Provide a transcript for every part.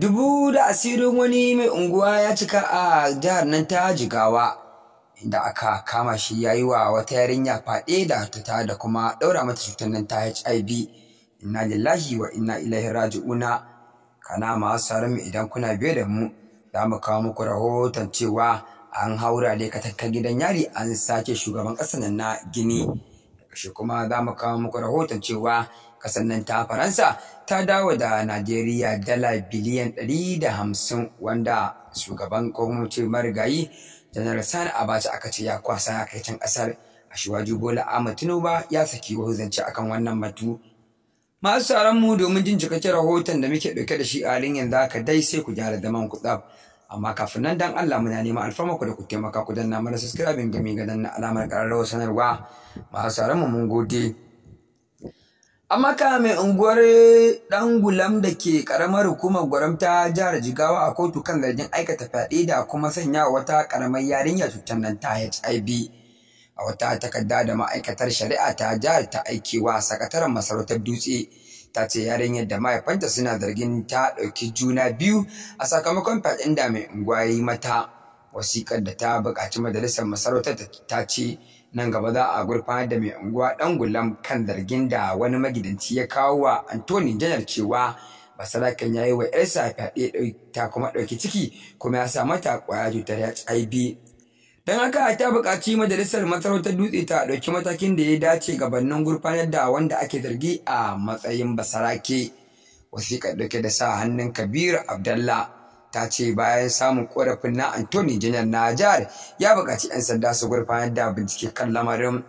dubu da asirin wani mai unguwa ya cika a jihar nan ta jigawa inda aka kama shi ya yi wa wata yarinya faɗe da ta da kuma ɗaura mata cutar nan ta hiv inna lillahi wa inna ilaihi raji'una kana masu mu idan kuna biye da mu za mu kawo muku rahoton cewa an haura ne katakar gidan yari an sace shugaban ƙasa na gini ƙarshe kuma za mu kawo muku rahoton cewa kasan nan ta faransa ta dawo da najeriya dala biliyan ɗari da hamsin wanda shugaban gwamnati marigayi janar sani abacha aka ce ya kwasa a kai can kasar a shiwaju bola ahmad tinuba ya saki zance akan wannan batu masu tsaron mu domin jin cikakken rahoton da muke ɗauke da shi a halin yanzu haka dai sai ku gyara zaman ku tsaf amma kafin nan dan Allah muna neman alfarma ku da ku taimaka ku danna mana subscribe gami ga danna alamar ƙararrawar sanarwa masu mu mun gode amma ka mai unguwar dan gulam da ke karamar hukumar gwaramta jihar jigawa a kotu kan zargin aikata fyaɗe da kuma sanya wata karamar yarinya cutar nan ta hiv a wata takarda da ma'aikatar shari'a ta jihar ta aikewa sakataren masarautar dutse ta ce yarinyar da mahaifanta suna zargin ta ɗauki juna biyu a sakamakon faɗin da mai unguwa yi mata wasiƙar da ta buƙaci majalisar masarautar ta ce nan gaba za a gurfanar da mai unguwa ɗan gulam kan zargin da wani magidanci ya kawo wa antoni janar cewa basarakan ya yi wa yarsa fyaɗe ta kuma ɗauki ciki kuma ya sa mata ƙwaya cutar hiv don haka ta buƙaci majalisar masarautar dutse ta ɗauki matakin da ya dace gabanin gurfanar da wanda ake zargi a matsayin basarake wasiƙar ɗauke da sa hannun Kabiru Abdalla ta ce bayan samun ƙorafin na antoni janar jihar ya buƙaci 'yan sanda su gurfanar da bincike kan lamarin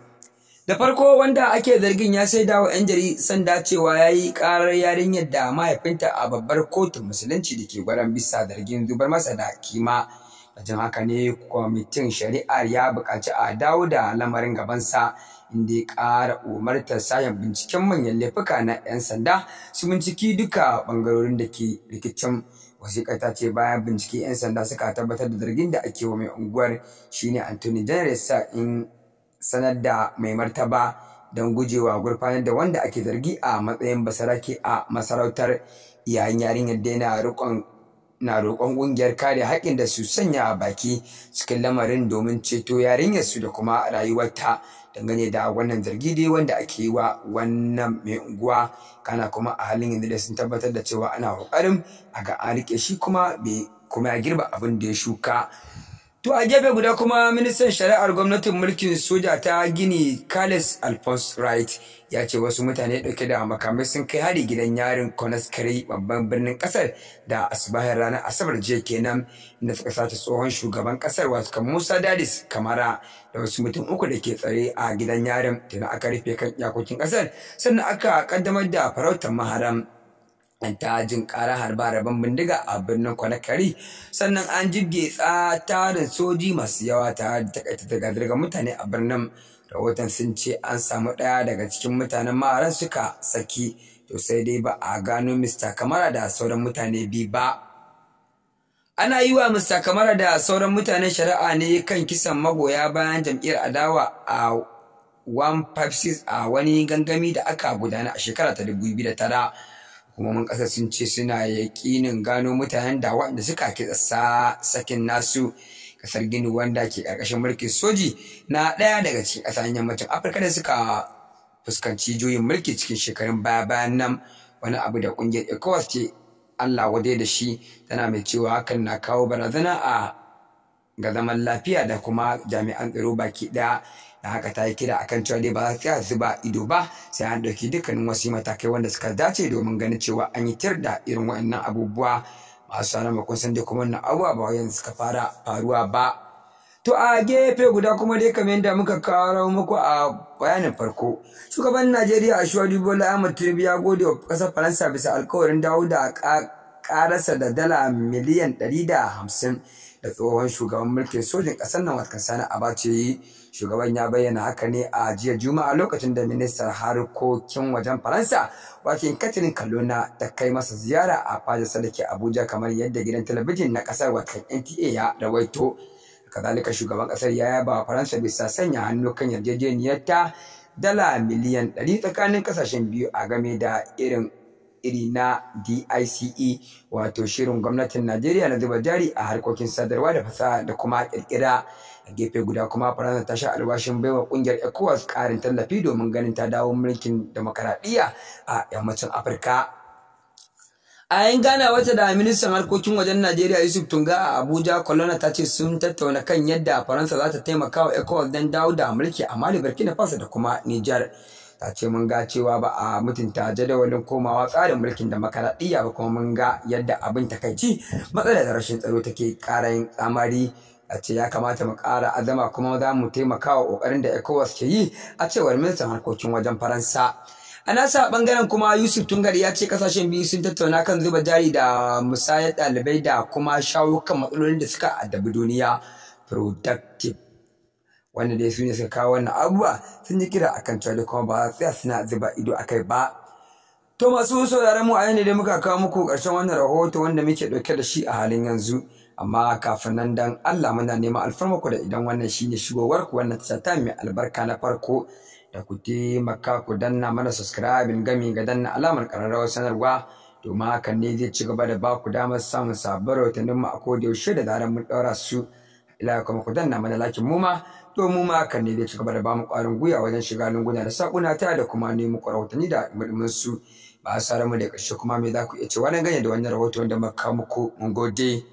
da farko wanda ake zargin ya saida wa 'yan jari sanda cewa ya yi ƙarar yarinyar da mahaifinta a babbar kotun musulunci da ke gwaran bisa zargin zubar masa da kima wajen haka ne kwamitin shari'ar ya buƙaci a dawo da lamarin gabansa inda ya ƙara umartar sayan binciken manyan laifuka na 'yan sanda su binciki duka ɓangarorin da ke rikicin wasiƙa ta ce bayan binciken 'yan sanda suka tabbatar da zargin da ake wa mai unguwar shine antony general sa in sanar da mai martaba don gujewa gurfanar da wanda ake zargi a matsayin basarake a masarautar yayin yarinyar daina riƙon na roƙon ƙungiyar kare haƙƙin da su sanya a baki cikin lamarin domin ceto yarinyar su da kuma rayuwarta dangane da wannan zargi dai wanda ake yi wa wannan mai unguwa kana kuma a halin yanzu da sun tabbatar da cewa ana ƙoƙarin a ga an riƙe shi kuma bai kuma ya girba abin da ya shuka To a gefe guda kuma ministan shari'ar gwamnatin mulkin soja ta gini Carlos Alphonse Wright ya ce wasu mutane ɗauke da makamai sun kai hari gidan yarin Conakry babban birnin ƙasar da asibahin ranar Asabar jiya kenan inda suka sace tsohon shugaban ƙasar wato Musa Dadis Kamara da wasu mutum uku da ke tsare a gidan yarin tana aka rufe kan iyakokin ƙasar sannan aka ƙaddamar da farautar maharam. ta jin ƙara harba rabin bindiga a birnin kwanakari sannan an jirge tarin soji masu yawa tare da takaita daga mutane a birnin rahoton sun ce an samu ɗaya daga cikin mutanen maharan suka saki to sai dai ba a gano Mr kamara da sauran mutane biyu ba ana yi wa mista kamara da sauran mutanen shari'a ne kan kisan magoya bayan jam'iyyar adawa a 156 a wani gangami da aka gudana a shekara ta 2009 mun kasa sun ce suna yaƙinin gano mutanen da waɗanda suka kitsa sakin nasu kasar gini wanda ke ƙarƙashin mulkin soji na ɗaya daga cikin ƙasashen yammacin afirka da suka fuskanci juyin mulki cikin shekarun baya bayan nan wani abu da ƙungiyar ecowas ce allah wadai da shi tana mai cewa hakan na kawo barazana a ga zaman lafiya da kuma jami'an tsaro baki ɗaya da haka ta yi kira akan cewa dai ba za su zuba ido ba sai an ɗauki dukkanin wasu matakai wanda suka dace domin ganin cewa an yi tir da irin waɗannan abubuwa masu sanar kun san dai kuma wannan abubuwa ba yanzu suka fara faruwa ba To a gefe guda kuma dai kamar yadda muka kawo muku a bayanin farko. Shugaban Najeriya a shuwa Bola Ahmed Tinubu ya gode wa ƙasar Faransa bisa alkawarin dawo da ƙararsa da dala miliyan ɗari da hamsin da tsohon shugaban mulkin sojin ƙasar nan wata sani abace yi shugaban ya bayyana haka ne a jiya juma'a lokacin da ministar harkokin wajen faransa wakin katin kalona ta kai masa ziyara a fadar ke abuja kamar yadda gidan talabijin na ƙasar watan nta ya rawaito kazalika shugaban ƙasar ya yaba faransa bisa sanya hannu kan yarjejeniyar ta dala miliyan ɗari tsakanin ƙasashen biyu a game da irin iri na DICE wato shirin gwamnatin Najeriya na zuba jari a harkokin sadarwa da fasaha da kuma kirkira a gefe guda kuma Faransa ta sha albashin baiwa kungiyar ECOWAS karin tallafi domin ganin ta dawo mulkin demokaradiyya a yammacin Afirka. A yin gana wata da ministan harkokin wajen Najeriya Yusuf Tunga a Abuja, Kolona ta ce sun tattauna kan yadda Faransa za ta taimaka wa ECOWAS don dawo da mulki a Mali, Burkina Faso da kuma Nijar. ta ce mun ga cewa ba a mutunta jadawalin komawa tsarin mulkin demokaradiyya ba kuma mun ga yadda abin takaici matsalar rashin tsaro take ƙara yin tsamari a ce ya kamata mu ƙara azama kuma za mu taimaka wa ƙoƙarin da ECOWAS ke yi a cewar ministan harkokin wajen Faransa. A nasa ɓangaren kuma Yusuf Tungari ya ce kasashen biyu sun tattauna kan zuba jari da musayar ɗalibai da kuma shawo matsalolin da suka addabi duniya productive wanda dai su ne suka kawo wannan abubuwa sun yi kira akan cewa da kuma ba tsaya suna zuba ido a kai ba to masu sauraron mu a yau ne dai muka kawo muku ƙarshen wannan rahoto wanda muke ɗauke da shi a halin yanzu amma kafin nan dan Allah muna neman alfarma ku da idan wannan shine shigowar ku wannan ta mai albarka na farko da ku taimaka ku danna mana subscribe gami ga danna alamar ƙararrawar sanarwa domin hakan ne zai ci gaba da ba ku damar samun sabbin rahotannin mu a kodayaushe yaushe da zaran mun ɗaura su ila kuma ku danna mana lakin mu ma to mu ma kan ne zai cigaba da bamu ƙwarin guya wajen shiga lunguna da sakuna ta da kuma mu rahotanni da mulmin su ba a sa ramu da ƙarshe kuma me za ku iya cewa ganye da wannan rahoton da muka muku mun gode.